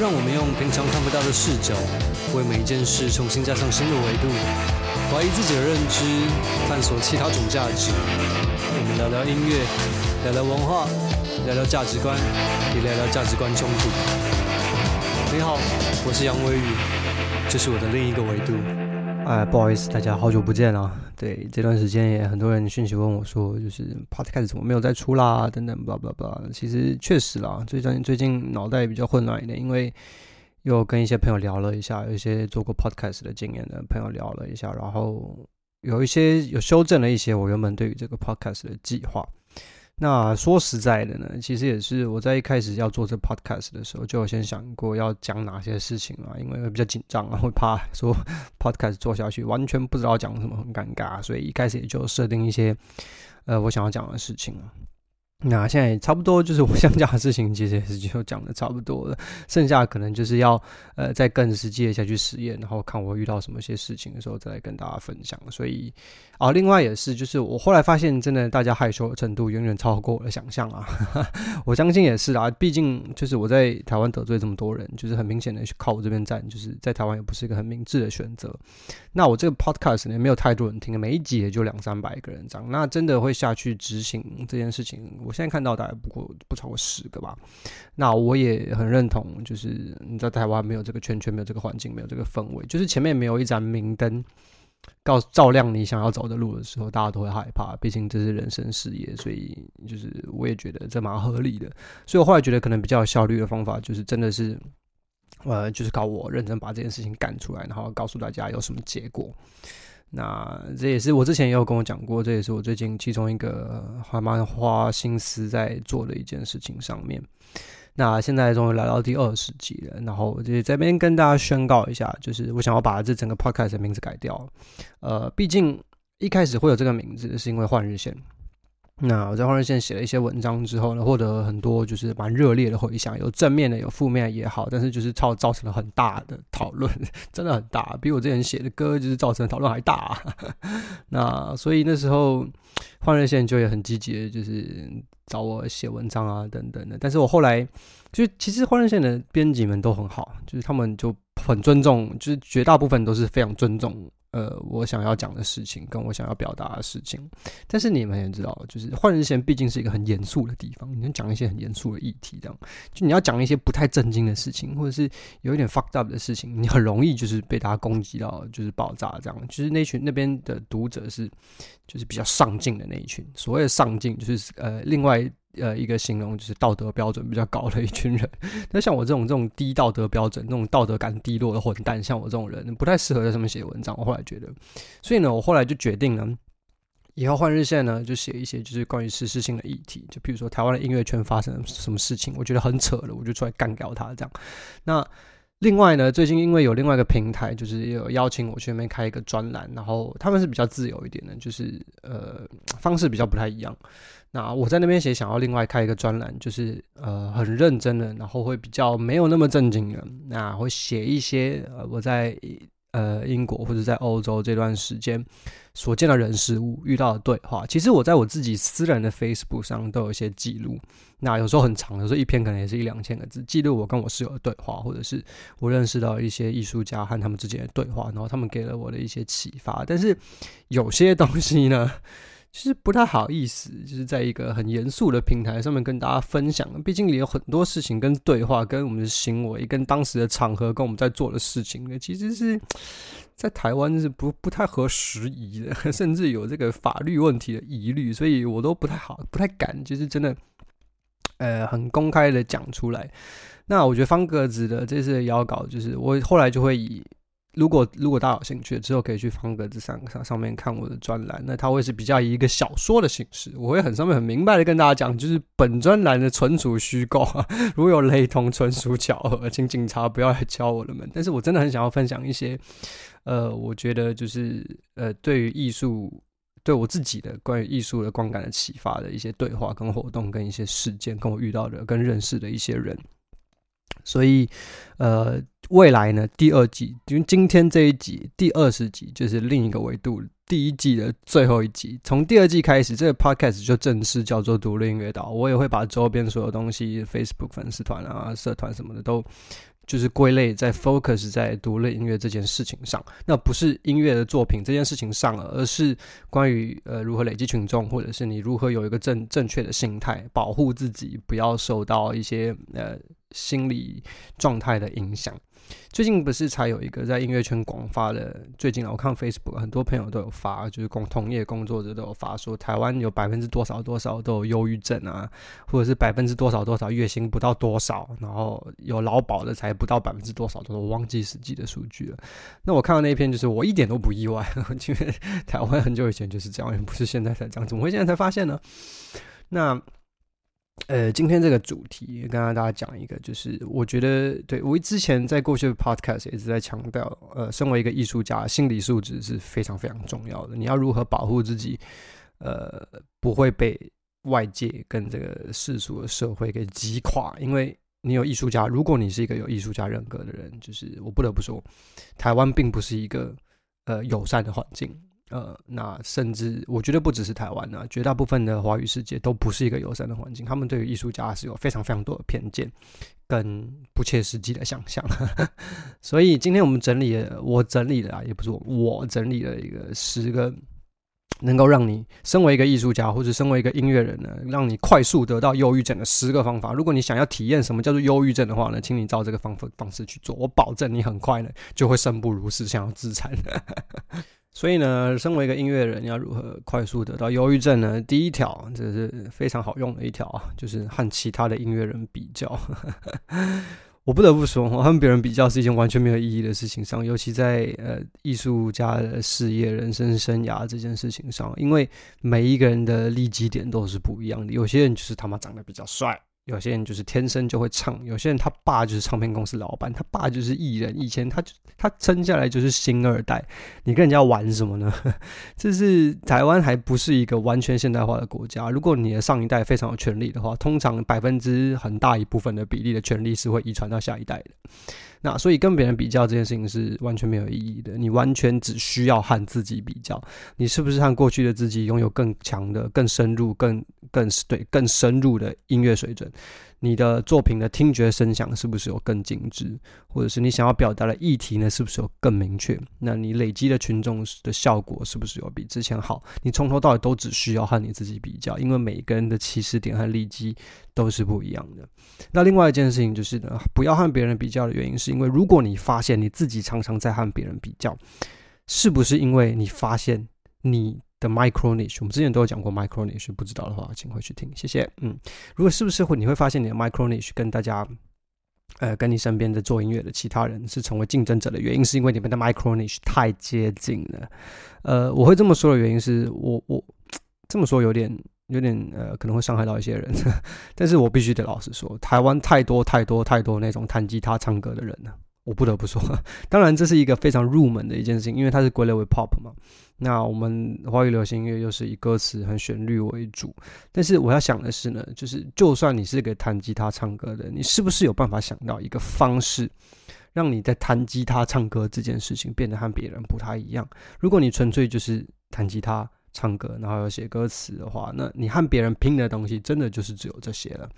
讓我們用平常看不到的視角，為每一件事重新加上新的維度，懷疑自己的認知，探索其他種價值。我們聊聊音樂，聊聊文化，聊聊價值觀，也聊聊價值觀衝突。你好，我是楊威宇，這是我的另一個維度。哎，不好意思，大家好久不見啦。對，這段時間也很多人訊息問我，說就是 podcast 怎麼沒有再出啦，等等，blah blah blah。其實確實啦，最近最近腦袋比較混亂一點，因為又跟一些朋友聊了一下，有一些做過 podcast 的經驗的朋友聊了一下，然後有一些有修正了一些我原本對於這個 podcast 的計劃。那說實在的呢，其實也是我在一開始要做這 podcast 的時候，就有先想過要講哪些事情啊，因為比較緊張啊，會怕說 podcast 做下去完全不知道講什麼很尷尬，所以一開始也就設定一些，呃，我想要講的事情啊。那現在差不多就是我想講的事情，其實也是就講的差不多了。剩下可能就是要呃再更實際的下去實驗，然後看我遇到什麼些事情的時候再來跟大家分享。所以啊，另外也是就是我後來發現，真的大家害羞的程度遠遠超過我的想象啊！ 我相信也是啊，畢竟就是我在台灣得罪這麼多人，就是很明顯的去靠我這邊站，就是在台灣也不是一個很明智的選擇。那我這個 podcast 呢，沒有太多人聽，每一集也就兩三百個人這樣。那真的會下去執行這件事情。我現在看到大概不過不超過十個吧，那我也很認同，就是你在台灣沒有這個圈圈，沒有這個環境，沒有這個氛圍，就是前面沒有一盞明燈，告照亮你想要走的路的時候，大家都會害怕。畢竟這是人生事業，所以就是我也覺得這蠻合理的。所以我後來覺得可能比較有效率的方法，就是真的是，呃，就是靠我認真把這件事情幹出來，然後告訴大家有什麼結果。那這也是我之前也有跟我講過，這也是我最近其中一個還蠻花心思在做的一件事情上面。那現在終於來到第二十集了，然後我就在這邊跟大家宣告一下，就是我想要把這整個 Podcast 的名字改掉。呃，畢竟一開始會有這個名字，是因為換日線。那我在《換日線》寫了一些文章之後呢，獲得很多就是蠻熱烈的回響，有正面的，有負面的也好，但是就是造造成了很大的討論，真的很大，比我之前寫的歌就是造成的討論還大。 那所以那時候《換日線》就也很積極，就是找我寫文章啊等等的。但是我後來就其實《換日線》的編輯們都很好，就是他們就很尊重，就是絕大部分都是非常尊重。呃，我想要講的事情，跟我想要表達的事情，但是你們也知道，就是《換日線》畢竟是一個很嚴肅的地方，你能講一些很嚴肅的議題，這樣就你要講一些不太正經的事情，或者是有一點 fucked up 的事情，你很容易就是被大家攻擊到，就是爆炸這樣。就是那群那邊的讀者是，就是比較上進的那一群，所謂的上進就是呃，另外。呃，一個形容就是道德標準比較高的一群人。那 像我這種這種低道德標準、那種道德感低落的混蛋，像我這種人，不太適合在上面寫文章。我後來覺得，所以呢，我後來就決定呢，以後換日線呢，就寫一些就是關於時事性的議題。就比如說台灣的音樂圈發生了什麼事情，我覺得很扯了，我就出來幹掉他這樣。那另外呢，最近因為有另外一個平台，就是也有邀請我去那邊開一個專欄，然後他們是比較自由一點的，就是呃方式比較不太一樣。那我在那邊寫，想要另外開一個專欄，就是呃很認真的，然後會比較沒有那麼正經的，那會寫一些呃我在呃英國或者在歐洲這段時間所見的人事物、遇到的對話。其實我在我自己私人的 Facebook 上都有一些記錄，那有時候很長，有時候一篇可能也是一兩千個字，記錄我跟我室友的對話，或者是我認識到一些藝術家和他們之間的對話，然後他們給了我的一些啟發。但是有些東西呢。其實不太好意思，就是在一個很嚴肅的平台上面跟大家分享。畢竟也有很多事情跟對話，跟我們的行為，跟當時的場合，跟我們在做的事情，其實是在台灣是不不太合時宜的，甚至有這個法律問題的疑慮，所以我都不太好，不太敢，就是真的，呃，很公開的講出來。那我覺得方格子的這次的邀稿，就是我後來就會以。如果如果大家有興趣，之後可以去方格子上上上面看我的專欄，那它會是比較以一個小說的形式，我會很上面很明白的跟大家講，就是本專欄的純屬虛構啊，如果有雷同，純屬巧合，請警察不要來敲我的門。但是我真的很想要分享一些，呃，我覺得就是呃，對於藝術，對我自己的關於藝術的光感的啟發的一些對話、跟活動、跟一些事件，跟我遇到的、跟認識的一些人。所以，呃，未來呢，第二季，因為今天這一集第二十集就是另一個維度，第一季的最後一集。從第二季開始，這個 podcast 就正式叫做《獨立音樂島》。我也會把周邊所有東西，Facebook 粉絲團啊、社團什麼的，都就是歸類在 focus 在獨立音樂這件事情上。那不是音樂的作品這件事情上了，而是關於呃如何累積群眾，或者是你如何有一個正正確的心態，保護自己，不要受到一些呃。心理狀態的影響。最近不是才有一個在音樂圈廣發的？最近啊，我看 Facebook，很多朋友都有發，就是工同業工作者都有發說，說台灣有百分之多少多少都有憂鬱症啊，或者是百分之多少多少月薪不到多少，然後有勞保的才不到百分之多少，都我忘記實際的數據了。那我看到那一篇，就是我一點都不意外， 因為台灣很久以前就是這樣，也不是現在才這樣，怎麼會現在才發現呢？那。呃，今天這個主題，也跟大家講一個，就是我覺得對，我之前在過去的 podcast 也一直在強調，呃，身為一個藝術家，心理素質是非常非常重要的。你要如何保護自己，呃，不會被外界跟這個世俗的社會給擊垮？因為你有藝術家，如果你是一個有藝術家人格的人，就是我不得不說，台灣並不是一個呃友善的環境。呃，那甚至我覺得不只是台灣呢，啊，絕大部分的華語世界都不是一個友善的環境。他們對於藝術家是有非常非常多的偏見，跟不切實際的想象。 所以今天我們整理了，我整理了，啊，也不是我，我整理了一個十個能夠讓你身為一個藝術家或者身為一個音樂人呢，讓你快速得到憂鬱症的十個方法。如果你想要體驗什麼叫做憂鬱症的話呢，請你照這個方法，方式去做，我保證你很快呢就會生不如死，想要自殘。 所以呢，身為一個音樂人，要如何快速得到憂鬱症呢？第一條，這是非常好用的一條啊，就是和其他的音樂人比較。 我不得不說，我和別人比較是一件完全沒有意義的事情上，尤其在呃藝術家的事業、人生生涯這件事情上，因為每一個人的利基點都是不一樣的。有些人就是他媽長得比較帥。有些人就是天生就會唱，有些人他爸就是唱片公司老板，他爸就是藝人一千，以前他他生下來就是星二代，你跟人家玩什麼呢？ 這是台灣還不是一個完全現代化的國家，如果你的上一代非常有權利的話，通常百分之很大一部分的比例的權利是會遺傳到下一代的。那所以跟別人比較這件事情是完全沒有意義的，你完全只需要和自己比較，你是不是和過去的自己擁有更強的、更深入、更更對更深入的音樂水準。你的作品的聽覺聲響是不是有更精緻，或者是你想要表達的議題呢？是不是有更明確？那你累積的群眾的效果是不是有比之前好？你從頭到尾都只需要和你自己比較，因為每個人的起始點和立基都是不一樣的。那另外一件事情就是呢，不要和別人比較的原因，是因為如果你發現你自己常常在和別人比較，是不是因為你發現你？The micro niche 我們之前都有講過 micro niche 不知道的話，請回去聽，謝謝。嗯，如果是不是會，你會發現你的 micro niche 跟大家，呃，跟你身邊的做音樂的其他人是成為競爭者的原因，是因為你們的 micro niche 太接近了。呃，我會這麼說的原因是我我這麼說有點有點呃可能會傷害到一些人，但是我必須得老實說，台灣太多太多太多那種彈吉他唱歌的人了啊。我不得不說，當然這是一個非常入門的一件事情，因為它是歸類為 pop 嘛。那我們華語流行音樂又是以歌詞和旋律為主。但是我要想的是呢，就是就算你是個彈吉他唱歌的，你是不是有辦法想到一個方式，讓你在彈吉他唱歌這件事情變得和別人不太一樣？如果你純粹就是彈吉他。唱歌，然後有寫歌詞的話，那你和別人拼的東西，真的就是只有這些了。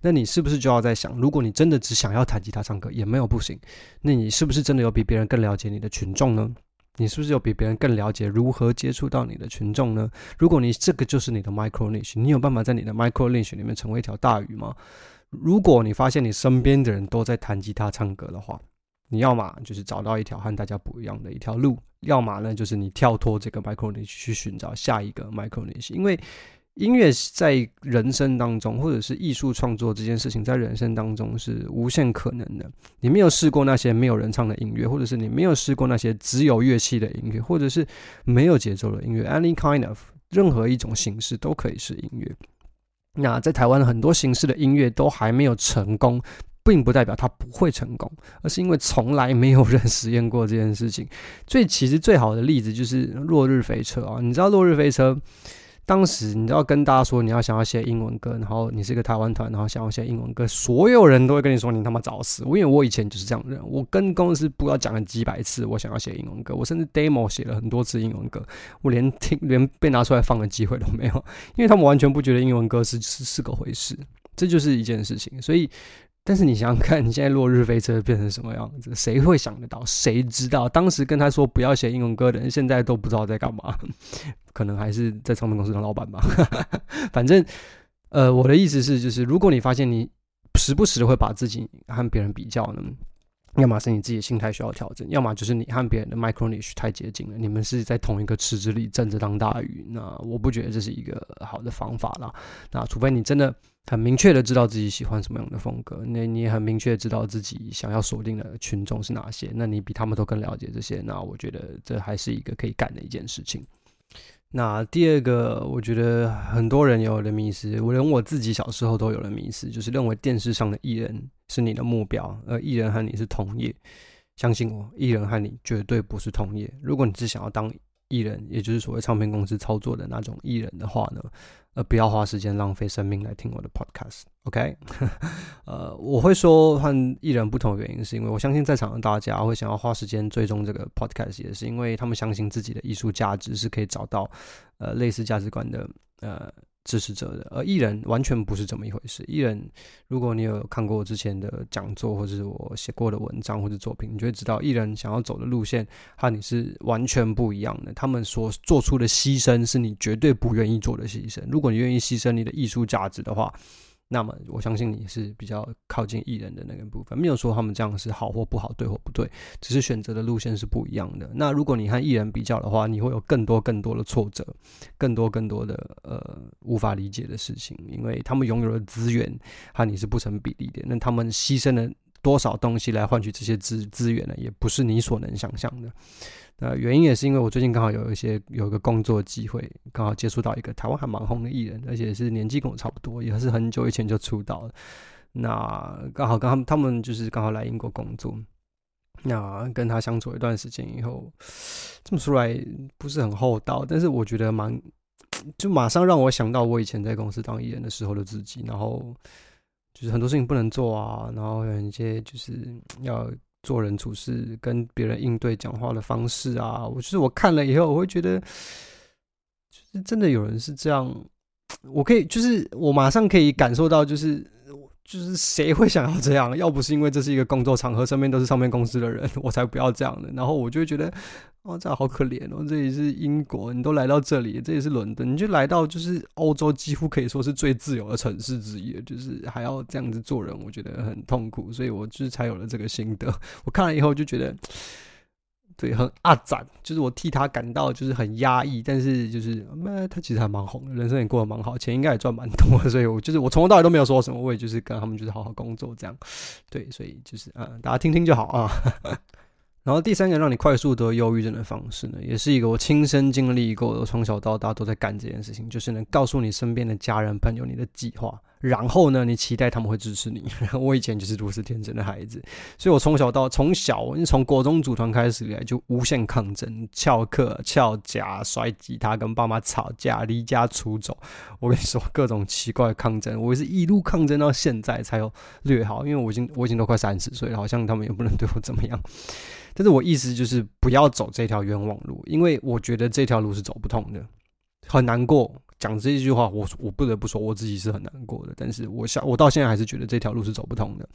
那你是不是就要在想，如果你真的只想要彈吉他、唱歌，也沒有不行。那你是不是真的有比別人更了解你的群眾呢？你是不是有比別人更了解如何接觸到你的群眾呢？如果你這個就是你的 micro niche，你有辦法在你的 micro niche 裡面成為一條大魚嗎？如果你發現你身邊的人都在彈吉他、唱歌的話，你要嘛就是找到一條和大家不一樣的一條路，要嘛呢就是你跳脫這個 micro niche 去尋找下一個 micro niche，因為音樂在人生當中，或者是藝術創作這件事情在人生當中是無限可能的。你沒有試過那些沒有人唱的音樂，或者是你沒有試過那些只有樂器的音樂，或者是沒有節奏的音樂，any kind of 任何一種形式都可以是音樂。那在台灣很多形式的音樂都還沒有成功。並不代表他不會成功，而是因為從來沒有人實驗過這件事情。最其實最好的例子就是《落日飛車》啊，你知道《落日飛車》當時，你知道跟大家說你要想要寫英文歌，然後你是一個台灣團，然後想要寫英文歌，所有人都會跟你說你他媽找死。我因為我以前就是這樣的人，我跟公司不知道講了幾百次我想要寫英文歌，我甚至 demo 寫了很多次英文歌，我連聽連被拿出來放的機會都沒有，因為他們完全不覺得英文歌是是是個回事。這就是一件事情，所以。但是你想想看，你現在《落日飛車》變成什麼樣子？誰會想得到？誰知道？當時跟他說不要寫英文歌的人，現在都不知道在幹嘛，可能還是在唱片公司當老闆吧。 反正，呃，我的意思是，就是如果你發現你時不時的會把自己和別人比較呢。要麼是你自己心態需要調整，要麼就是你和別人的 micro niche 太接近了，你們是在同一個池子裡爭著當大魚。那我不覺得這是一個好的方法啦。那除非你真的很明確的知道自己喜歡什麼樣的風格，那你也很明確知道自己想要鎖定的群眾是哪些，那你比他們都更了解這些。那我覺得這還是一個可以幹的一件事情。那第二個，我覺得很多人有的迷思，我連我自己小時候都有的迷思，就是認為電視上的藝人。是你的目標，而藝人和你是同業，相信我，藝人和你絕對不是同業。如果你只想要當藝人，也就是所謂唱片公司操作的那種藝人的話呢，呃，不要花時間浪費生命來聽我的 podcast。OK， 呃，我會說和藝人不同的原因，是因為我相信在場的大家會想要花時間追蹤這個 podcast，也是因為他們相信自己的藝術價值是可以找到呃類似價值觀的呃。支持者的，而藝人完全不是這麼一回事。藝人，如果你有看過我之前的講座，或者是我寫過的文章或者作品，你就會知道藝人想要走的路線和你是完全不一樣的。他們所做出的犧牲是你絕對不願意做的犧牲。如果你願意犧牲你的藝術價值的話。那麼我相信你是比較靠近藝人的那個部分，沒有說他們這樣是好或不好，對或不對，只是選擇的路線是不一樣的。那如果你和藝人比較的話，你會有更多更多的挫折，更多更多的呃無法理解的事情，因為他們擁有的資源和你是不成比例的，那他們犧牲的。多少東西來換取這些資資源呢？也不是你所能想象的。那原因也是因為我最近剛好有一些有一個工作機會，剛好接觸到一個台灣還蠻紅的藝人，而且是年紀跟我差不多，也是很久以前就出道。那剛好跟他們，他們就是剛好來英國工作。那跟他相處一段時間以後，這麼說來不是很厚道，但是我覺得蠻，就馬上讓我想到我以前在公司當藝人的時候的自己，然後。就是很多事情不能做啊，然後有一些就是要做人處事、跟別人應對、講話的方式啊。我就是我看了以後，我會覺得，就是真的有人是這樣，我可以，就是我馬上可以感受到，就是。就是誰會想要這樣？要不是因為這是一個工作場合，身邊都是唱片公司的人，我才不要這樣的。然後我就會覺得，哦，這樣好可憐哦。這裡是英國，你都來到這裡，這裡是倫敦，你就來到就是歐洲，幾乎可以說是最自由的城市之一的，就是還要這樣子做人，我覺得很痛苦。所以我就是才有了這個心得。我看了以後就覺得。對，很阿雜，就是我替他感到就是很壓抑，但是就是，呃、他其實還蠻紅的，人生也過得蠻好，錢應該也賺蠻多，所以我就是我從頭到尾都沒有說什麼，我也就是跟他們就是好好工作這樣，對，所以就是啊、呃，大家聽聽就好啊。 然後第三個讓你快速得憂鬱症的方式呢，也是一個我親身經歷過的，我從小到大都在幹這件事情，就是能告訴你身邊的家人朋友你的計劃。然後呢？你期待他們會支持你？ 我以前就是如此天真的孩子，所以我從小到從小，因為從國中組團開始以來，就無限抗爭、翹課、翹家、摔吉他、跟爸媽吵架、離家出走。我跟你說各種奇怪的抗爭，我是一路抗爭到現在才有略好，因為我已經我已經都快三十歲了，好像他們也不能對我怎麼樣。但是我意思就是不要走這條冤枉路，因為我覺得這條路是走不通的，很難過。講這一句話，我我不得不說我自己是很難過的。但是我想，我到現在還是覺得這條路是走不通的。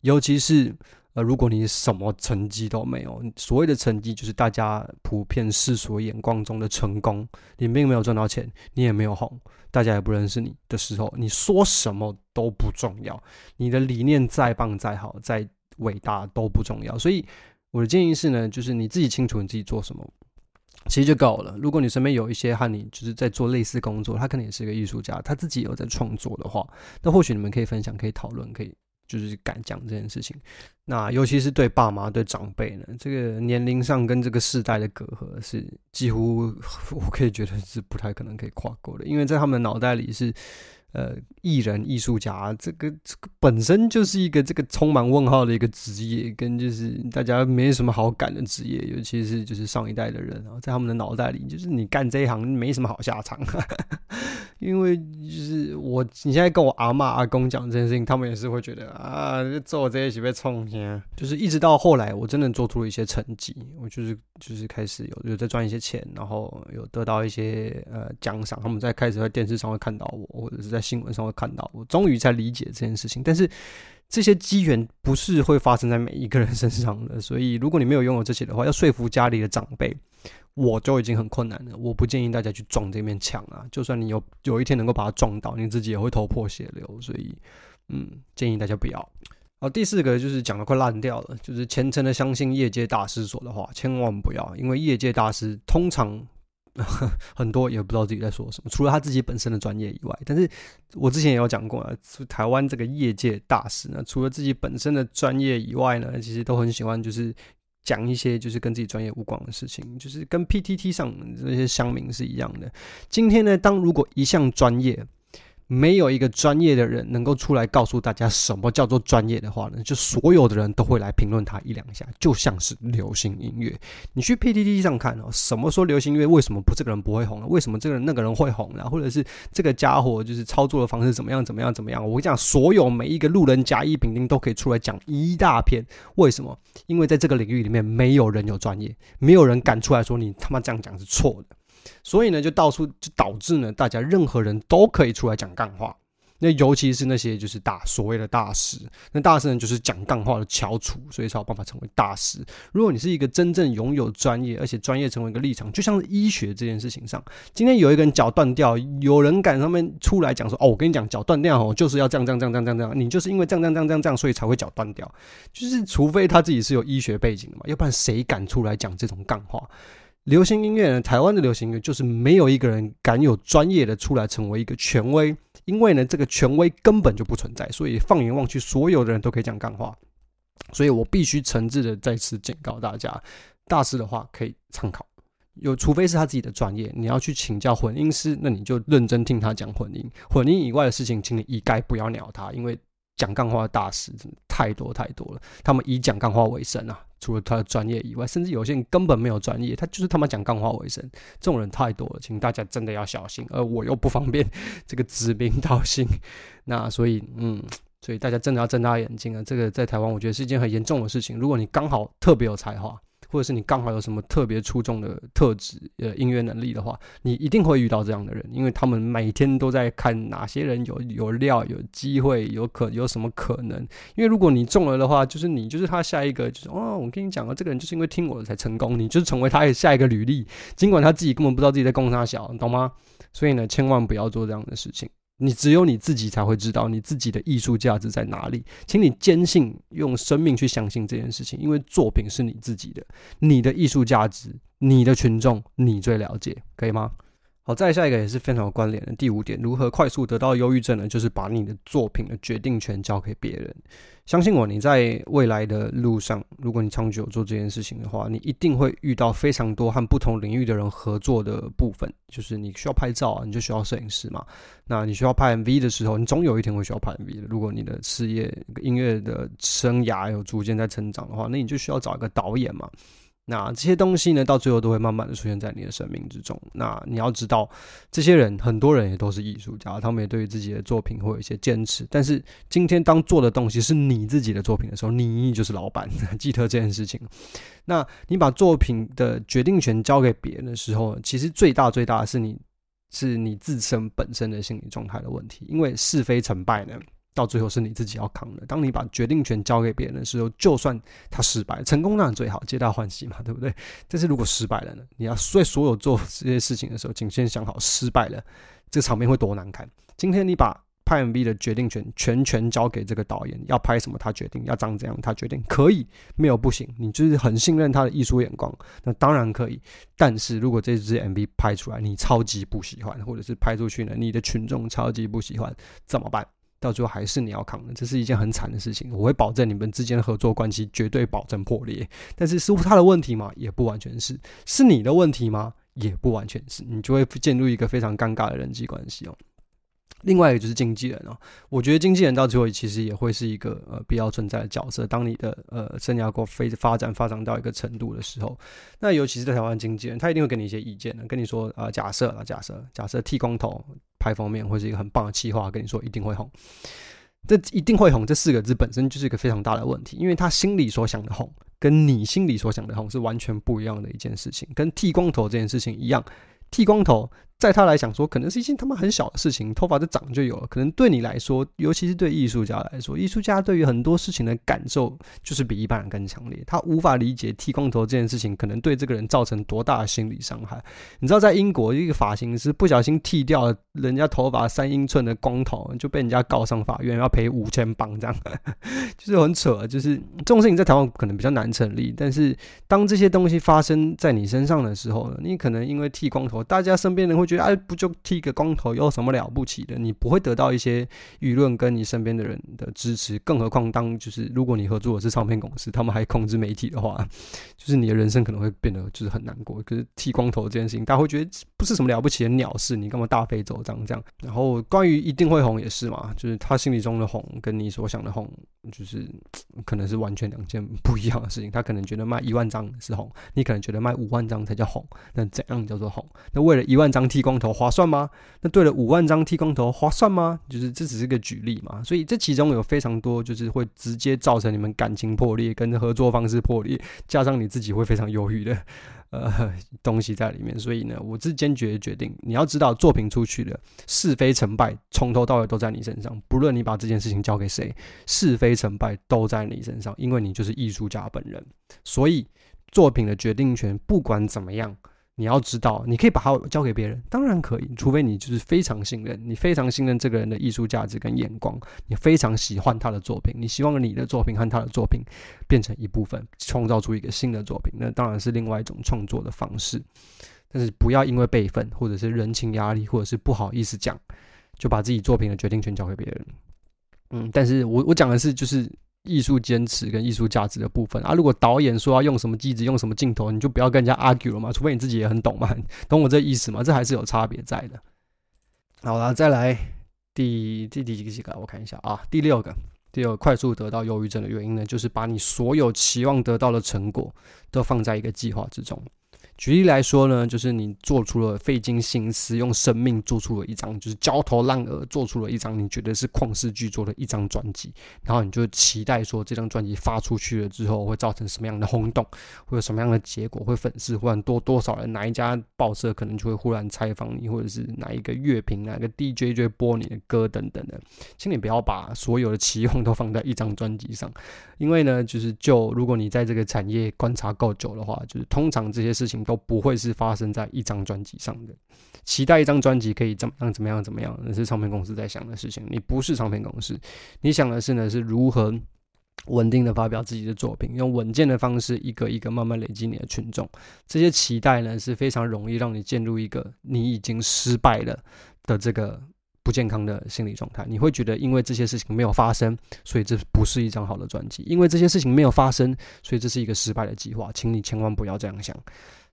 尤其是呃，如果你什麼成績都沒有，所謂的成績就是大家普遍世俗眼光中的成功，你並沒有賺到錢，你也沒有紅，大家也不認識你的時候，你說什麼都不重要。你的理念再棒、再好、再偉大都不重要。所以我的建議是呢，就是你自己清楚你自己做什麼。其實就夠了。如果你身邊有一些和你就是在做類似工作，他肯定也是個藝術家，他自己有在創作的話，那或許你們可以分享、可以討論、可以就是敢講這件事情。那尤其是對爸媽、對長輩呢，這個年齡上跟這個世代的隔閡是幾乎，我可以覺得是不太可能可以跨過的，因為在他們的腦袋裡是。呃，藝人、藝術家，這個這個本身就是一個這個充滿問號的一個職業，跟就是大家沒什麼好感的職業，尤其是就是上一代的人啊，在他們的腦袋裡，就是你幹這一行沒什麼好下場。 因為就是我，你現在跟我阿媽、阿公講這件事情，他們也是會覺得啊，做這些是不是衝錢。就是一直到後來，我真的做出了一些成績，我就是就是開始有有在賺一些錢，然後有得到一些呃獎賞，他們在開始在電視上會看到我，或者是在。新聞上會看到，我終於才理解這件事情。但是這些機緣不是會發生在每一個人身上的，所以如果你沒有擁有這些的話，要說服家裡的長輩，我就已經很困難了。我不建議大家去撞這面牆啊！就算你有有一天能夠把它撞倒，你自己也會頭破血流。所以，嗯，建議大家不要。第四個就是講得快爛掉了，就是虔誠的相信業界大師說的話，千萬不要，因為業界大師通常。很多也不知道自己在說什麼，除了他自己本身的專業以外，但是我之前也有講過啊，台灣這個業界大師呢，除了自己本身的專業以外呢，其實都很喜歡就是講一些就是跟自己專業無關的事情，就是跟 PTT 上那些鄉民是一樣的。今天呢，當如果一項專業，沒有一個專業的人能夠出來告訴大家什麼叫做專業的話呢，就所有的人都會來評論他一兩下，就像是流行音樂。你去 PTT 上看哦，什麼說流行音樂為什麼不這個人不會紅了、啊？為什麼這個人那個人會紅了、啊？或者是這個家伙就是操作的方式怎麼樣怎麼樣怎麼樣？我跟你講，所有每一個路人甲乙丙丁都可以出來講一大篇為什麼。因為在這個領域裡面，沒有人有專業，沒有人敢出來說你他媽這樣講是錯的。所以呢，就到處就導致呢，大家任何人都可以出來講幹話。那尤其是那些就是大所謂的大師，那大師呢就是講幹話的翹楚，所以才有辦法成為大師。如果你是一個真正擁有專業，而且專業成為一個立場，就像是醫學這件事情上，今天有一個人腳斷掉，有人敢上面出來講說：“哦，我跟你講，腳斷掉哦就是要這樣這樣這樣這樣這樣，你就是因為這樣這樣這樣這樣，所以才會腳斷掉。”就是除非他自己是有醫學背景的嘛，要不然誰敢出來講這種幹話？流行音樂呢？台灣的流行音樂就是沒有一個人敢有專業的出來成為一個權威，因為呢，這個權威根本就不存在。所以放眼望去，所有的人都可以講幹話。所以我必須誠摯的再次警告大家：大師的話可以參考，有除非是他自己的專業，你要去請教混音師，那你就認真聽他講混音。混音以外的事情，請你一概不要鳥他，因為。講幹話的大師真的太多太多了，他們以講幹話為生啊，除了他的專業以外，甚至有些人根本沒有專業，他就是他媽講幹話為生，這種人太多了，請大家真的要小心。而我又不方便 這個指名道姓，那所以嗯，所以大家真的要睜大眼睛啊，這個在台灣我覺得是一件很嚴重的事情。如果你剛好特別有才華，或者是你剛好有什麼特別出眾的特質，呃，音樂能力的話，你一定會遇到這樣的人，因為他們每天都在看哪些人有有料、有機會、有可有什麼可能。因為如果你中了的話，就是你就是他下一個，就是哦，我跟你講了，這個人就是因為聽我的才成功，你就是成為他的下一個履歷。儘管他自己根本不知道自己在供三小，你懂嗎？所以呢，千萬不要做這樣的事情。你只有你自己才會知道你自己的藝術價值在哪裡，請你堅信，用生命去相信這件事情，因為作品是你自己的，你的藝術價值、你的群眾，你最了解，可以嗎？好，再下一個也是非常有關聯的第五點，如何快速得到憂鬱症呢？就是把你的作品的決定權交給別人。相信我，你在未來的路上，如果你長久做這件事情的話，你一定會遇到非常多和不同領域的人合作的部分。就是你需要拍照啊，你就需要攝影師嘛。那你需要拍 MV 的時候，你總有一天會需要拍 MV 的。如果你的事業，音樂的生涯有逐漸在成長的話，那你就需要找一個導演嘛。那這些東西呢，到最後都會慢慢的出現在你的生命之中。那你要知道，這些人很多人也都是藝術家，他們也對於自己的作品會有一些堅持。但是今天當做的東西是你自己的作品的時候，你就是老闆。記得這件事情。那你把作品的決定權交給別人的時候，其實最大最大的是你是你自身本身的心理狀態的問題，因為是非成敗呢，到最後是你自己要扛的。當你把決定權交給別人的時候，就算他失敗，成功當然最好，皆大歡喜嘛，對不對？但是如果失敗了呢？你要所以所有做這些事情的時候，請先想好失敗了這個場面會多難看。今天你把拍 MV 的決定權全權交給這個導演，要拍什麼他決定，要長怎樣他決定，可以沒有不行。你就是很信任他的藝術眼光，那當然可以。但是如果這支 MV 拍出來你超級不喜歡，或者是拍出去呢？你的群眾超級不喜歡，怎麼辦？到最後還是你要扛的，這是一件很慘的事情。我會保證你們之間的合作關係絕對保證破裂，但是是他的問題嗎？也不完全是，是你的問題嗎？也不完全是，你就會陷入一個非常尷尬的人際關係哦、喔。另外一個就是經紀人哦，我覺得經紀人到最後其實也會是一個呃必要存在的角色。當你的呃生涯過非發展發展到一個程度的時候，那尤其是在台灣，經紀人他一定會給你一些意見的，跟你說啊、呃，假設啦，假設，假設剃光頭拍封面會是一個很棒的企劃，跟你說一定會紅。這一定會紅這四個字本身就是一個非常大的問題，因為他心裡所想的紅，跟你心裡所想的紅是完全不一樣的一件事情，跟剃光頭這件事情一樣，剃光頭。在他來講說，可能是一件他媽很小的事情，頭髮再長就有了。可能對你來說，尤其是對藝術家來說，藝術家對於很多事情的感受就是比一般人更強烈。他無法理解剃光頭這件事情可能對這個人造成多大的心理傷害。你知道，在英國有一個髮型師不小心剃掉人家頭髮三英寸的光頭，就被人家告上法院要賠五千鎊這樣 就是很扯。就是這種事情在台灣可能比較難成立。但是當這些東西發生在你身上的時候呢，你可能因為剃光頭，大家身邊人會。覺得唉，不就剃個光頭有什麼了不起的？你不會得到一些輿論跟你身邊的人的支持，更何況當就是如果你合作的是唱片公司，他們還控制媒體的話，就是你的人生可能會變得就是很難過。可是剃光頭這件事情，大家會覺得不是什麼了不起的鳥事，你幹嘛大費周章這樣這樣？然後關於一定會紅也是嘛，就是他心裡中的紅跟你所想的紅。就是，可能是完全兩件不一樣的事情。他可能覺得賣一萬張是紅，你可能覺得賣五萬張才叫紅。那怎樣叫做紅？那為了一萬張剃光頭划算嗎？那為了五萬張剃光頭划算嗎？就是這只是個舉例嘛。所以這其中有非常多，就是會直接造成你們感情破裂，跟合作方式破裂，加上你自己會非常憂鬱的。呃，東西在裡面，所以呢，我是堅決決定。你要知道，作品出去的是非成敗，從頭到尾都在你身上。不論你把這件事情交給誰，是非成敗都在你身上，因為你就是藝術家本人。所以，作品的決定權，不管怎麼樣。你要知道，你可以把它交給別人，當然可以，除非你就是非常信任，你非常信任這個人的藝術價值跟眼光，你非常喜歡他的作品，你希望你的作品和他的作品變成一部分，創造出一個新的作品，那當然是另外一種創作的方式。但是不要因為輩分，或者是人情壓力，或者是不好意思講，就把自己作品的決定權交給別人。嗯，但是我我講的是就是。藝術堅持跟藝術價值的部分啊，如果導演說要用什麼機子，用什麼鏡頭，你就不要跟人家 argue 了嘛，除非你自己也很懂嘛，懂我這意思嗎？這還是有差別在的。好了，再來第第第幾個？我看一下啊，第六個。第六，快速得到憂鬱症的原因呢，就是把你所有期望得到的成果都放在一個計劃之中。舉例來說呢，就是你做出了費盡心思、用生命做出了一張，就是焦頭爛額做出了一張你覺得是曠世巨作的一張專輯，然後你就期待說這張專輯發出去了之後會造成什麼樣的轟動，會有什麼樣的結果，會粉絲忽然多多少人，哪一家報社可能就會忽然採訪你，或者是哪一個樂評哪個 DJ 就會播你的歌等等的。請你不要把所有的期望都放在一張專輯上，因為呢，就是就如果你在這個產業觀察夠久的話，就是通常這些事情。都不會是發生在一張專輯上的。期待一張專輯可以怎麼樣、怎麼樣、怎麼樣，是唱片公司在想的事情。你不是唱片公司，你想的是呢，是如何穩定的發表自己的作品，用穩健的方式，一個一個慢慢累積你的群眾。這些期待呢，是非常容易讓你進入一個你已經失敗了的這個不健康的心理狀態。你會覺得，因為這些事情沒有發生，所以這不是一張好的專輯；因為這些事情沒有發生，所以這是一個失敗的計劃。請你千萬不要這樣想。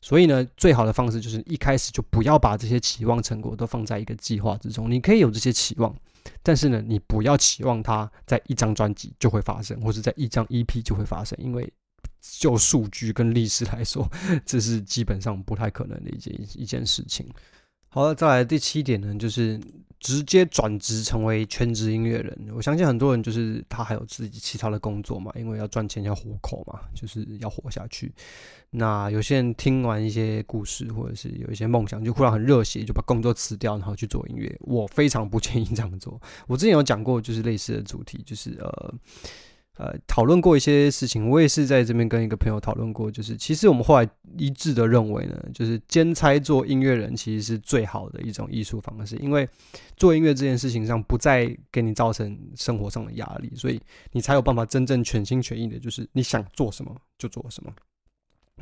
所以呢，最好的方式就是一開始就不要把這些期望成果都放在一個計劃之中。你可以有這些期望，但是呢，你不要期望它在一張專輯就會發生，或是在一張 EP 就會發生。因為就數據跟歷史來說，這是基本上不太可能的一件一件事情。好了，再來第七點呢，就是直接轉職成為全職音樂人。我相信很多人就是他還有自己其他的工作嘛，因為要賺錢要糊口嘛，就是要活下去。那有些人聽完一些故事或者是有一些夢想，就忽然很熱血，就把工作辭掉，然後去做音樂。我非常不建議這樣做。我之前有講過，就是類似的主題，就是呃。呃，討論過一些事情，我也是在這邊跟一個朋友討論過，就是其實我們後來一致的認為呢，就是兼差做音樂人其實是最好的一種藝術方式，因為做音樂這件事情上不再給你造成生活上的壓力，所以你才有辦法真正全心全意的，就是你想做什麼就做什麼。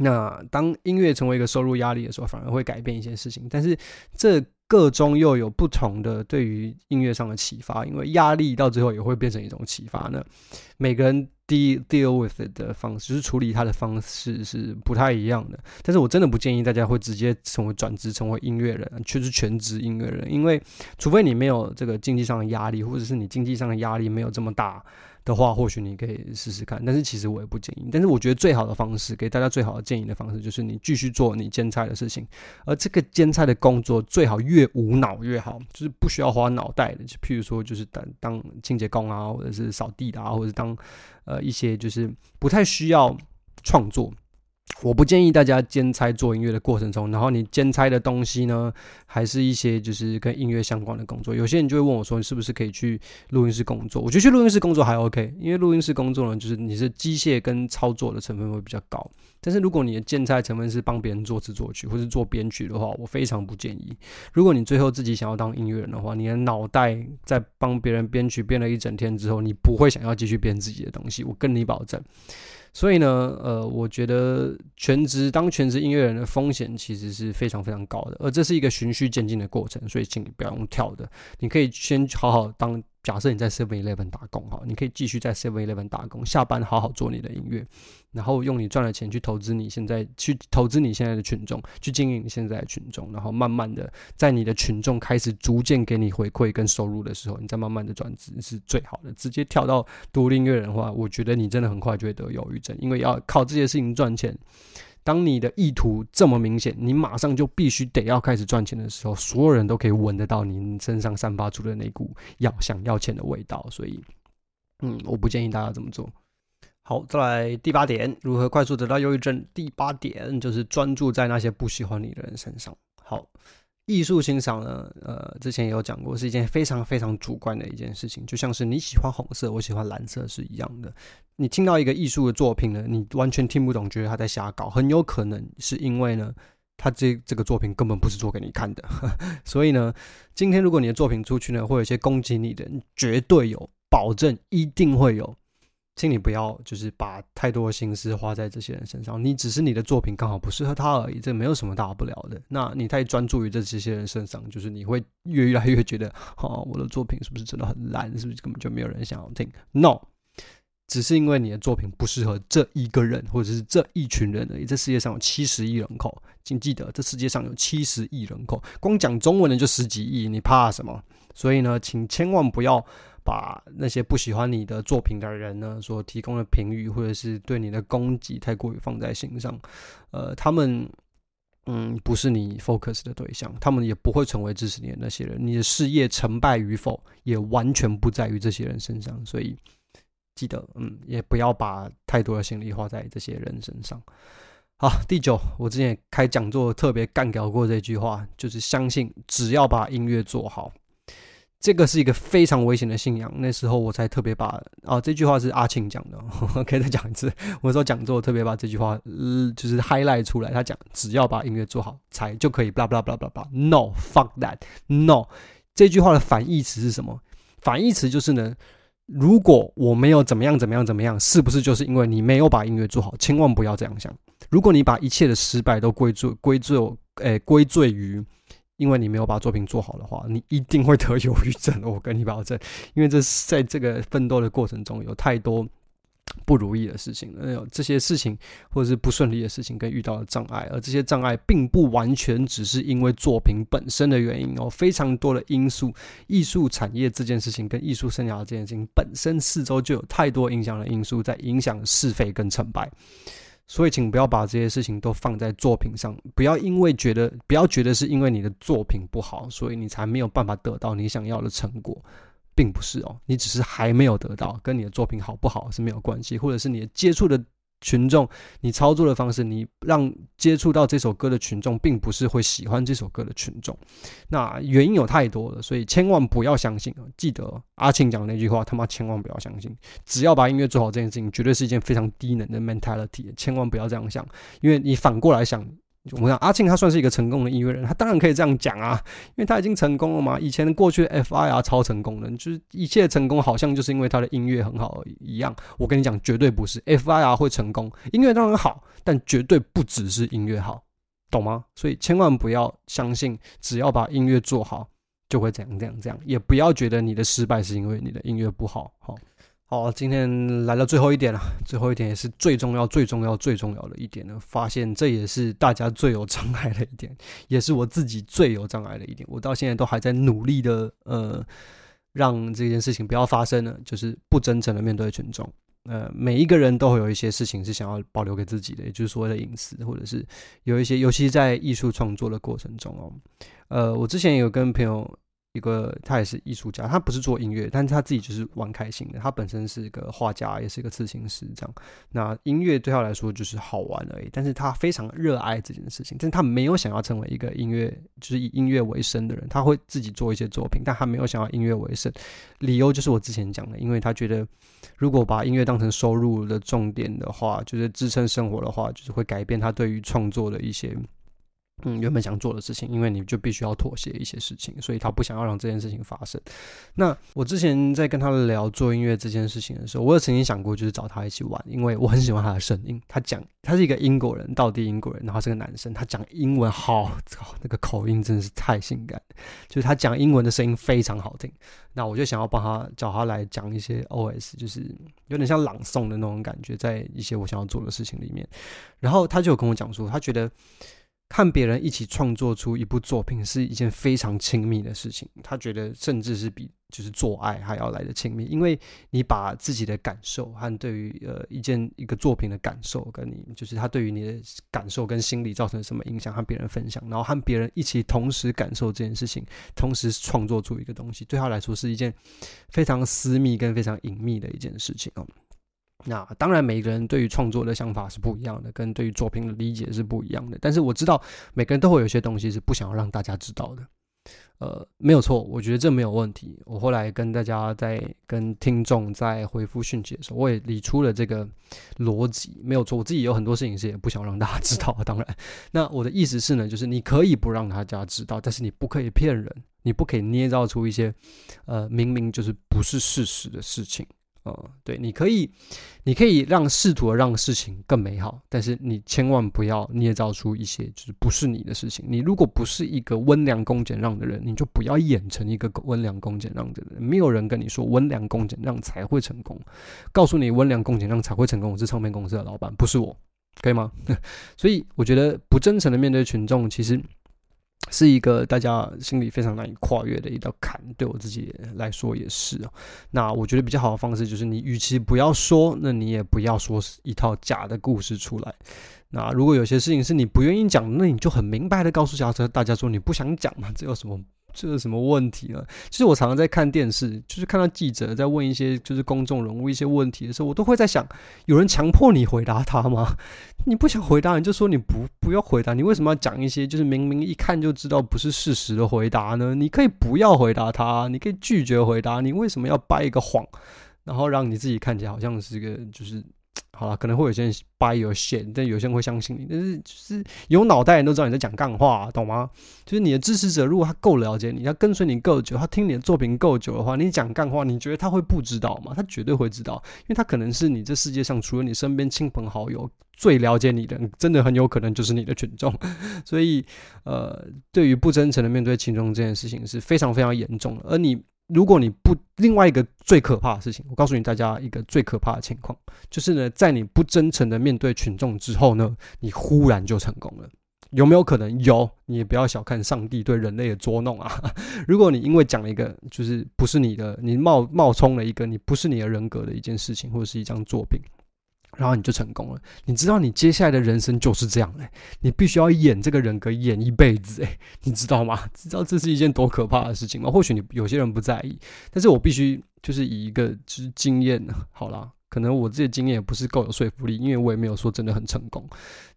那當音樂成為一個收入壓力的時候，反而會改變一些事情。但是，這個中又有不同的對於音樂上的啟發，因為壓力到最後也會變成一種啟發呢、嗯。每個人 deal deal with it 的方式，就是處理它的方式是不太一樣的。但是我真的不建議大家會直接成為轉職成為音樂人，卻、就是全職音樂人，因為除非你沒有這個經濟上的壓力，或者是你經濟上的壓力沒有這麼大的話，或許你可以試試看，但是其實我也不建議。但是我覺得最好的方式，給大家最好的建議的方式，就是你繼續做你兼差的事情，而這個兼差的工作最好越無腦越好，就是不需要花腦袋的。就譬如說，就是當當清潔工啊，或者是掃地的，啊，或者是當呃一些就是不太需要創作。我不建議大家兼差做音樂的過程中，然後你兼差的東西呢，還是一些就是跟音樂相關的工作。有些人就會問我說：“你是不是可以去錄音室工作？”我覺得去錄音室工作還 OK，因為錄音室工作呢，就是你是機械跟操作的成分會比較高。但是如果你的兼差成分是幫別人作詞作曲或是做編曲的話，我非常不建議。如果你最後自己想要當音樂人的話，你的腦袋在幫別人編曲編了一整天之後，你不會想要繼續編自己的東西。我跟你保證。所以呢，呃，我覺得全職當全職音樂人的風險其實是非常非常高的，而這是一個循序漸進的過程，所以請你不要用跳的，你可以先好好當。假設你在 Seven Eleven 打工哈，你可以繼續在 Seven Eleven 打工，下班好好做你的音樂，然後用你賺的錢去投資你現在去投資你現在的群眾，去經營你現在的群眾，然後慢慢的在你的群眾開始逐漸給你回饋跟收入的時候，你再慢慢的轉職是最好的。直接跳到獨立音樂人的話，我覺得你真的很快就會得憂鬱症，因為要靠這些事情賺錢。當你的意圖這麼明顯，你馬上就必須得要開始賺錢的時候，所有人都可以聞得到你身上散發出的那股要想要錢的味道。所以，嗯，我不建議大家這麼做。好，再來第八點，如何快速得到憂鬱症？第八點就是專注在那些不喜歡你的人身上。好。藝術欣賞呢，呃，之前也有講過，是一件非常非常主觀的一件事情，就像是你喜歡紅色，我喜歡藍色是一樣的。你聽到一個藝術的作品呢，你完全聽不懂，覺得他在瞎搞，很有可能是因為呢，他這這個作品根本不是做給你看的。 所以呢，今天如果你的作品出去呢，會有一些攻擊你的，你絕對有，保證一定會有。請你不要，就是把太多的心思花在這些人身上。你只是你的作品剛好不適合他而已，這沒有什麼大不了的。那你太專注於這這些人身上，就是你會越來越覺得，哦，我的作品是不是真的很爛？是不是根本就沒有人想要聽？No，只是因為你的作品不適合這一個人，或者是這一群人而已。這世界上有七十億人口，請記得，這世界上有七十億人口，光講中文的就十幾億，你怕什麼？所以呢，請千萬不要。把那些不喜歡你的作品的人呢，所提供的評語或者是對你的攻擊，太過於放在心上，呃，他們嗯不是你 focus 的對象，他們也不會成為支持你的那些人，你的事業成敗與否也完全不在於這些人身上，所以記得嗯，也不要把太多的心力花在這些人身上。好，第九，我之前開講座特別幹掉過這句話，就是相信只要把音樂做好。這個是一個非常危險的信仰。那時候我才特別把啊、哦，這句話是阿慶講的，給他講一次。我說講之後特別把這句話，嗯，就是 highlight 出來。他講，只要把音樂做好，才就可以。布拉布拉布拉布拉，No fuck that，No。這句話的反義詞是什麼？反義詞就是呢，如果我沒有怎麼樣怎麼樣怎麼樣，是不是就是因為你沒有把音樂做好？千萬不要這樣想。如果你把一切的失敗都歸罪歸罪，哎、欸，歸罪於。因為你沒有把作品做好的話，你一定會得憂鬱症的。我跟你保證，因為這是在這個奮鬥的過程中有太多不如意的事情，還有這些事情或者是不順利的事情跟遇到的障礙，而這些障礙並不完全只是因為作品本身的原因哦，非常多的因素。藝術產業這件事情跟藝術生涯這件事情本身四周就有太多影響的因素在影響是非跟成敗。所以，請不要把這些事情都放在作品上，不要因為覺得，不要覺得是因為你的作品不好，所以你才沒有辦法得到你想要的成果，並不是哦，你只是還沒有得到，跟你的作品好不好是沒有關係，或者是你接觸的。群眾，你操作的方式，你讓接觸到這首歌的群眾，並不是會喜歡這首歌的群眾。那原因有太多了，所以千萬不要相信。記得，阿慶講那句話，他媽千萬不要相信。只要把音樂做好這件事情，絕對是一件非常低能的 mentality。千萬不要這樣想，因為你反過來想。我們講阿慶，他算是一個成功的音樂人，他當然可以這樣講啊，因為他已經成功了嘛。以前過去的 FIR 超成功的，就是一切成功好像就是因為他的音樂很好而一樣。我跟你講，絕對不是。FIR 會成功，音樂當然好，但絕對不只是音樂好，懂嗎？所以千萬不要相信，只要把音樂做好就會怎樣怎樣怎樣，也不要覺得你的失敗是因為你的音樂不好，齁。哦，今天來到最後一點了，最後一點也是最重要、最重要、最重要的一點呢。發現這也是大家最有障礙的一點，也是我自己最有障礙的一點。我到現在都還在努力的，呃，讓這件事情不要發生呢，就是不真誠的面對群眾。呃，每一個人都會有一些事情是想要保留給自己的，也就是所謂的隱私，或者是有一些，尤其在藝術創作的過程中哦。呃，我之前有跟朋友。一個他也是藝術家，他不是做音樂，但是他自己就是玩開心的。他本身是一個畫家，也是一個刺青師這樣。那音樂對他來說就是好玩而已，但是他非常熱愛這件事情。但是他沒有想要成為一個音樂，就是以音樂為生的人。他會自己做一些作品，但他沒有想要音樂為生。理由就是我之前講的，因為他覺得如果把音樂當成收入的重點的話，就是支撐生活的話，就是會改變他對於創作的一些。嗯，原本想做的事情，因為你就必須要妥協一些事情，所以他不想要讓這件事情發生。那我之前在跟他聊做音樂這件事情的時候，我也曾經想過，就是找他一起玩，因為我很喜歡他的聲音。他講，他是一個英國人，道地英國人，然後是個男生，他講英文好，哦，那個口音真的是太性感，就是他講英文的聲音非常好聽。那我就想要幫他找他來講一些 OS，就是有點像朗誦的那種感覺，在一些我想要做的事情裡面。然後他就有跟我講說，他覺得。和別人一起創作出一部作品是一件非常親密的事情，他覺得甚至是比就是做愛還要來的親密，因為你把自己的感受和對於呃一件一個作品的感受，跟你就是他對於你的感受跟心理造成什麼影響，和別人分享，然後和別人一起同時感受這件事情，同時創作出一個東西，對他來說是一件非常私密跟非常隱秘的一件事情哦。那當然，每個人對於創作的想法是不一樣的，跟對於作品的理解是不一樣的。但是我知道，每個人都會有些東西是不想要讓大家知道的。呃，沒有錯，我覺得這沒有問題。我後來跟大家在跟聽眾在回復訊息的時候，我也理出了這個邏輯，沒有錯。我自己有很多事情是也不想讓大家知道。當然。那我的意思是呢，就是你可以不讓大家知道，但是你不可以騙人，你不可以捏造出一些呃明明就是不是事實的事情。呃、嗯，對，你可以，你可以讓試圖讓事情更美好，但是你千萬不要捏造出一些就是不是你的事情。你如果不是一個溫良恭儉讓的人，你就不要演成一個溫良恭儉讓的人。沒有人跟你說溫良恭儉讓才會成功，告訴你溫良恭儉讓才會成功，我是唱片公司的老闆，不是我，可以嗎？ 所以我覺得不真誠的面對群眾，其實。是一個大家心裡非常難以跨越的一道坎，對我自己來說也是啊。那我覺得比較好的方式就是，你與其不要說，那你也不要說一套假的故事出來。那如果有些事情是你不願意講，那你就很明白的告訴下車大家說，你不想講嘛，這有什麼？這是什麼問題呢？其實我常常在看電視，就是看到記者在問一些就是公眾人物一些問題的時候，我都會在想：有人強迫你回答他嗎？你不想回答，你就說你不不要回答。你為什麼要講一些就是明明一看就知道不是事實的回答呢？你可以不要回答他，你可以拒絕回答。你為什麼要掰一個謊，然後讓你自己看起來好像是一個就是？好了，可能會有些人 buy your shit，但有些人會相信你。但是就是有腦袋人都知道你在講幹話啊，懂嗎？就是你的支持者，如果他夠了解你，他跟隨你夠久，他聽你的作品夠久的話，你講幹話，你覺得他會不知道嗎？他絕對會知道，因為他可能是你這世界上除了你身邊親朋好友最了解你的，真的很有可能就是你的群眾。 所以，呃，對於不真誠的面對群眾這件事情是非常非常嚴重的。而你。如果你不，另外一個最可怕的事情，我告訴你大家一個最可怕的情況，就是呢，在你不真誠的面對群眾之後呢，你忽然就成功了，有沒有可能？有，你也不要小看上帝對人類的捉弄啊！ 如果你因為講了一個，就是不是你的，你冒，冒充了一個，你不是你的人格的一件事情，或者是一張作品。然後你就成功了，你知道你接下來的人生就是這樣嘞、欸，你必須要演這個人格演一輩子、欸，誒，你知道嗎？知道這是一件多可怕的事情嗎？或許你有些人不在意，但是我必須就是以一個就是經驗，好啦，可能我自己的經驗也不是夠有說服力，因為我也沒有說真的很成功，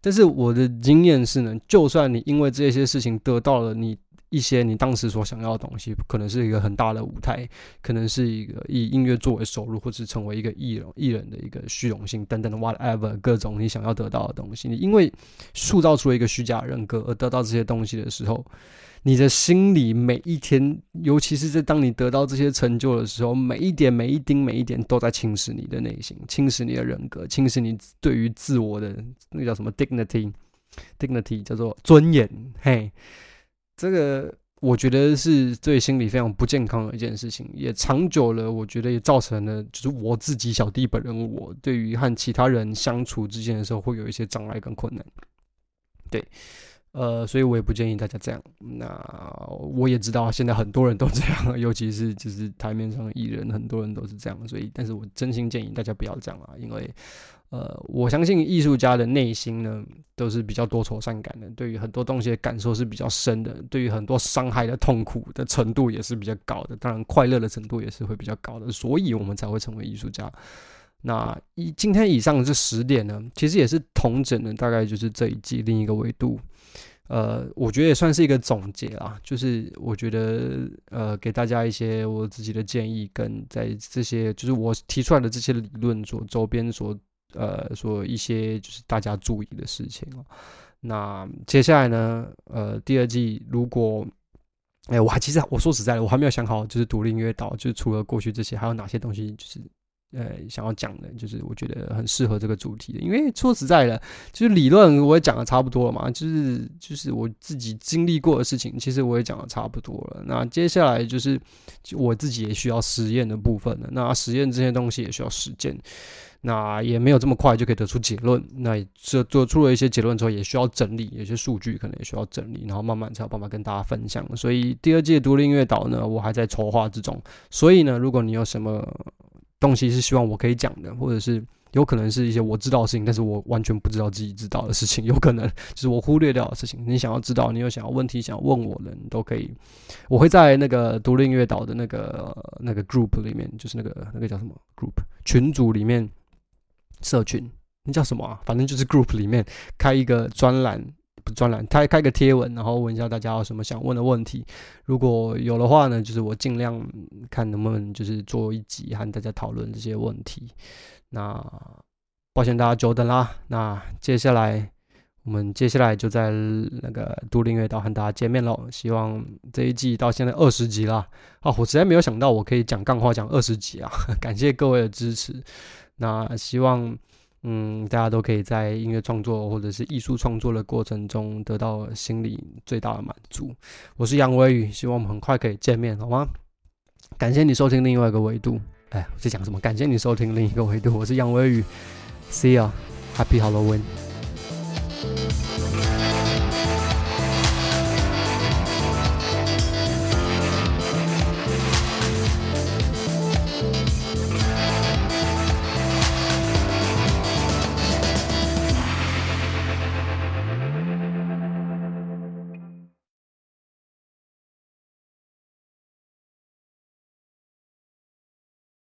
但是我的經驗是呢，就算你因為這些事情得到了你一些你當時所想要的東西，可能是一個很大的舞台，可能是一個以音樂作為收入，或者是成為一個藝人、藝人的一個虛榮心等等的 whatever 各種你想要得到的東西。你因為塑造出了一個虛假人格而得到這些東西的時候，你的心裡每一天，尤其是在當你得到這些成就的時候，每一點每一丁每一點都在侵蝕你的內心，侵蝕你的人格，侵蝕你對於自我的那叫什麼 dignity dignity 叫做尊嚴嘿。這個我覺得是對心理非常不健康的一件事情，也長久了，我覺得也造成了就是我自己小弟本人，我對於和其他人相處之間的時候會有一些障礙跟困難。對，呃，所以我也不建議大家這樣。那我也知道現在很多人都這樣，尤其是就是台面上的藝人，很多人都是這樣，所以，但是我真心建議大家不要這樣啊，因為。呃，我相信藝術家的內心呢，都是比較多愁善感的，對於很多東西的感受是比較深的，對於很多傷害的痛苦的程度也是比較高的，當然快樂的程度也是會比較高的，所以我們才會成為藝術家。那以今天以上這十點呢，其實也是同整的，大概就是這一季另一個維度。呃，我覺得也算是一個總結啦，就是我覺得呃，給大家一些我自己的建議，跟在這些就是我提出來的這些理論所周邊所。呃，說一些就是大家注意的事情。那接下來呢，呃，第二季如果，哎、欸，我還其實我說實在的，我還沒有想好就是讀，就是獨立音樂島，就除了過去這些，還有哪些東西就是呃想要講的，就是我覺得很適合這個主題的。因為說實在的，就是理論我也講的差不多了嘛，就是就是我自己經歷過的事情，其實我也講的差不多了。那接下來就是就我自己也需要實驗的部分了。那實驗這些東西也需要實踐。那也沒有這麼快就可以得出結論。那這做出了一些結論之後，也需要整理，有些數據可能也需要整理，然後慢慢才有辦法跟大家分享。所以第二屆獨立音樂島呢，我還在籌劃之中。所以呢，如果你有什麼東西是希望我可以講的，或者是有可能是一些我知道的事情，但是我完全不知道自己知道的事情，有可能就是我忽略掉的事情，你想要知道，你有想要問題想要問我的，你都可以。我會在那個獨立音樂島的那個那個 group 裡面，就是那個那個叫什麼 group 群組裡面。社群，那叫什麼啊？反正就是 group 裡面開一個專欄，不專欄，開開個貼文，然後問一下大家有什麼想問的問題。如果有的話呢，就是我儘量看能不能就是做一集和大家討論這些問題。那抱歉，大家久等啦。那接下來我們接下來就在那個都靈月島和大家見面嘍。希望這一季到現在二十集啦。啊、哦！我實在沒有想到我可以講槓話，講二十集啊！感謝各位的支持。那希望，嗯，大家都可以在音樂創作或者是藝術創作的過程中得到心裡最大的滿足。我是楊偉宇，希望我們很快可以見面，好嗎？感謝你收聽另外一個維度。哎，我在講什麼？感謝你收聽另一個維度。我是楊偉宇，See you，Happy Halloween。